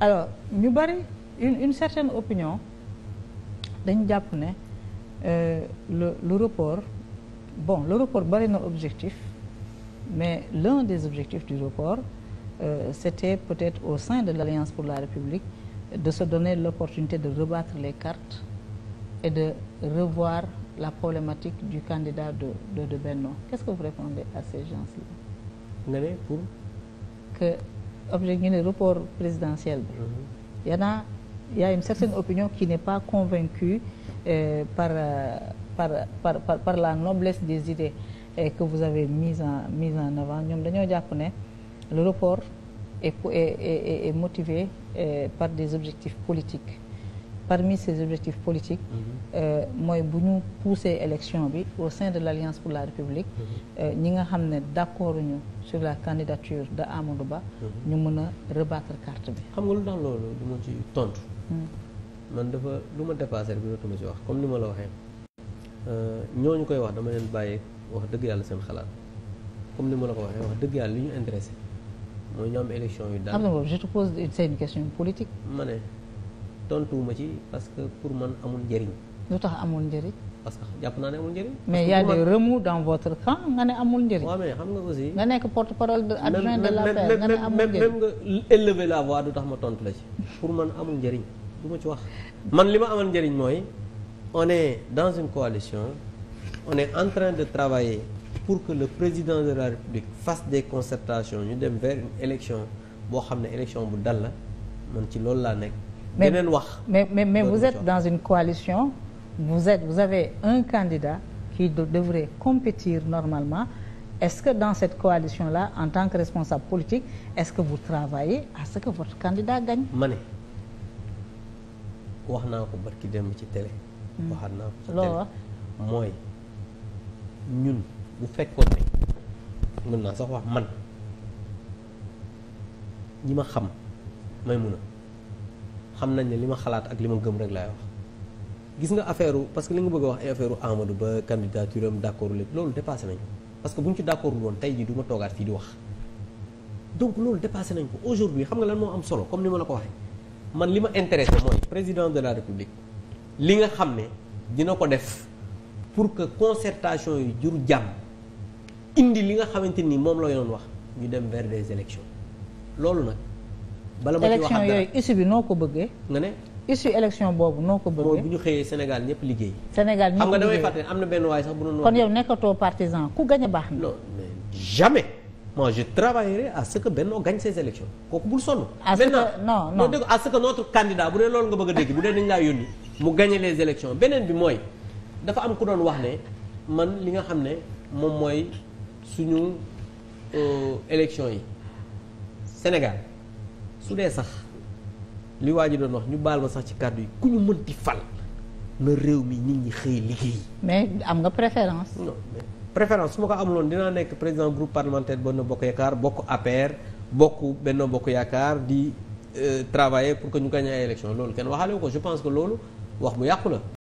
alors ñu bëri une une certaine opinion dañu jàpp ne euh, le le report bon le report bëri na objectif mais l'un des objectifs du report euh, c'était peut-être au sein de l'Alliance pour la République de se donner l'opportunité de rebattre les cartes et de revoir la problématique du candidat de de, de Benno. Qu'est-ce que vous répondez à ces gens-là? Pour que objet ñu ne report présidentiel bi mm -hmm. y en a y a une certaine opinion qui n'est pas convaincue euh, par, par par par par la noblesse des idées et euh, que vous avez mise en mise en avant ñoom dañoo jàpp ne le report est est est, est motivé euh, par des objectifs politiques parmi ses objectifs politiques mhm. euh, mooy bu ñu pousser élection bi au sein de l'Alliance pour la République mhm. euh, ñi nga xam ne d'accord ñu sur la candidature de Amadou Ba mhm. ñu mën a rebattre carte bi xam nga lu tax loolu du ma ci tontu hmm. man dafa lu ma dépassé rek dootuma ci wax comme ni ma la waxee euh, ñoo ñu koy wax dama leen bàyyee wax dëgg yàlla seen xalaat comme ni ma la ko waxee wax dëgg yàlla li ñu intéressé mooy ñu am élection yu daal. am na pose une question politique. tontuwuma ci parce que pour man amul njëriñ. lu tax amul njëriñ. parce que jàpp naa ne amul mais y a des remous dans votre camp nga ne amul njëriñ. waaw mais xam nga aussi. nga nekk porte parole de adjoint de l'APR nga ne amul njëriñ même nga élever la voix du tax ma tontu la ci. pour man amul njariñ du ma ci wax. man li ma amal njëriñ mooy on dans une coalition on est en train de travailler pour que le président de la République fasse des concertations ñu dem vers une élection boo xam ne élection bu dal la man ci loolu laa nekk. beneen wax mais mais mais vous êtes dans une coalition vous êtes vous un candidat qui devrait compétir normalement est-ce que dans cette coalition la en tant que responsable politique est-ce que vous travaillez à ce que votre candidat gagne ma wax naa ko barki dem ci télé hmm. waxaat naa ko ci télé mooy ñun bu fekkoon ne mën man ñi ma xam may mun a xam nañ ne li ma xalaat ak li ma gëm rek laay wax gis nga affaire parce que li nga bëgg a wax ay affaire Amadou Ba candidature am d'accord lépp loolu dépassé nañ ko parce que bu ñu ci d'accord woon tey du ma toogaat fii di wax donc loolu dépassé nañ ko aujourd'hui xam nga lan moo am solo comme ni ma la ko waxee man li ma intéressé mooy président de la république li nga xam ne dina ko def pour que concertation yi jur jàmm indi li nga xamante ni moom la yoon wax ñu dem vers des élections loolu nag bala ma ci wax élection yooyu issue bi noo ko bëggee. nga ne issue élection boobu noo ko bëggee. bu ñu xëyee Sénégal ñëpp liggéey. Sénégal ñëpp liggéey xam nga damay fàtte am na benn waay sax bu doon. kon yow nekkatoo partisan ku gañ a baax na. non mais jamais. moi je travaillerai à ce que Benno gagne kooku bul sonn. à ce que que notre candidat bu dee loolu nga bëgg a dégg bu dee dañu mu gagne les élections beneen bi mooy dafa am ku doon wax ne man li nga xam ne moom mooy suñu euh, élections yi Sénégal. su dee sax li waa ji doon wax ñu baal ma sax ci kàddu yi ku ñu mënti fal na réew mi nit ñi xëy liggéey. mais am nga préférence. non préférence su ma ko amuloon dinaa nekk président groupe parlementaire Benno Bokk Yaakaar bokk APR bokk Benno Bokk Yaakaar di euh, travailler pour ko ñu gagné ay élection loolu kenn waxaale ko je pense que loolu wax bu yàqu la.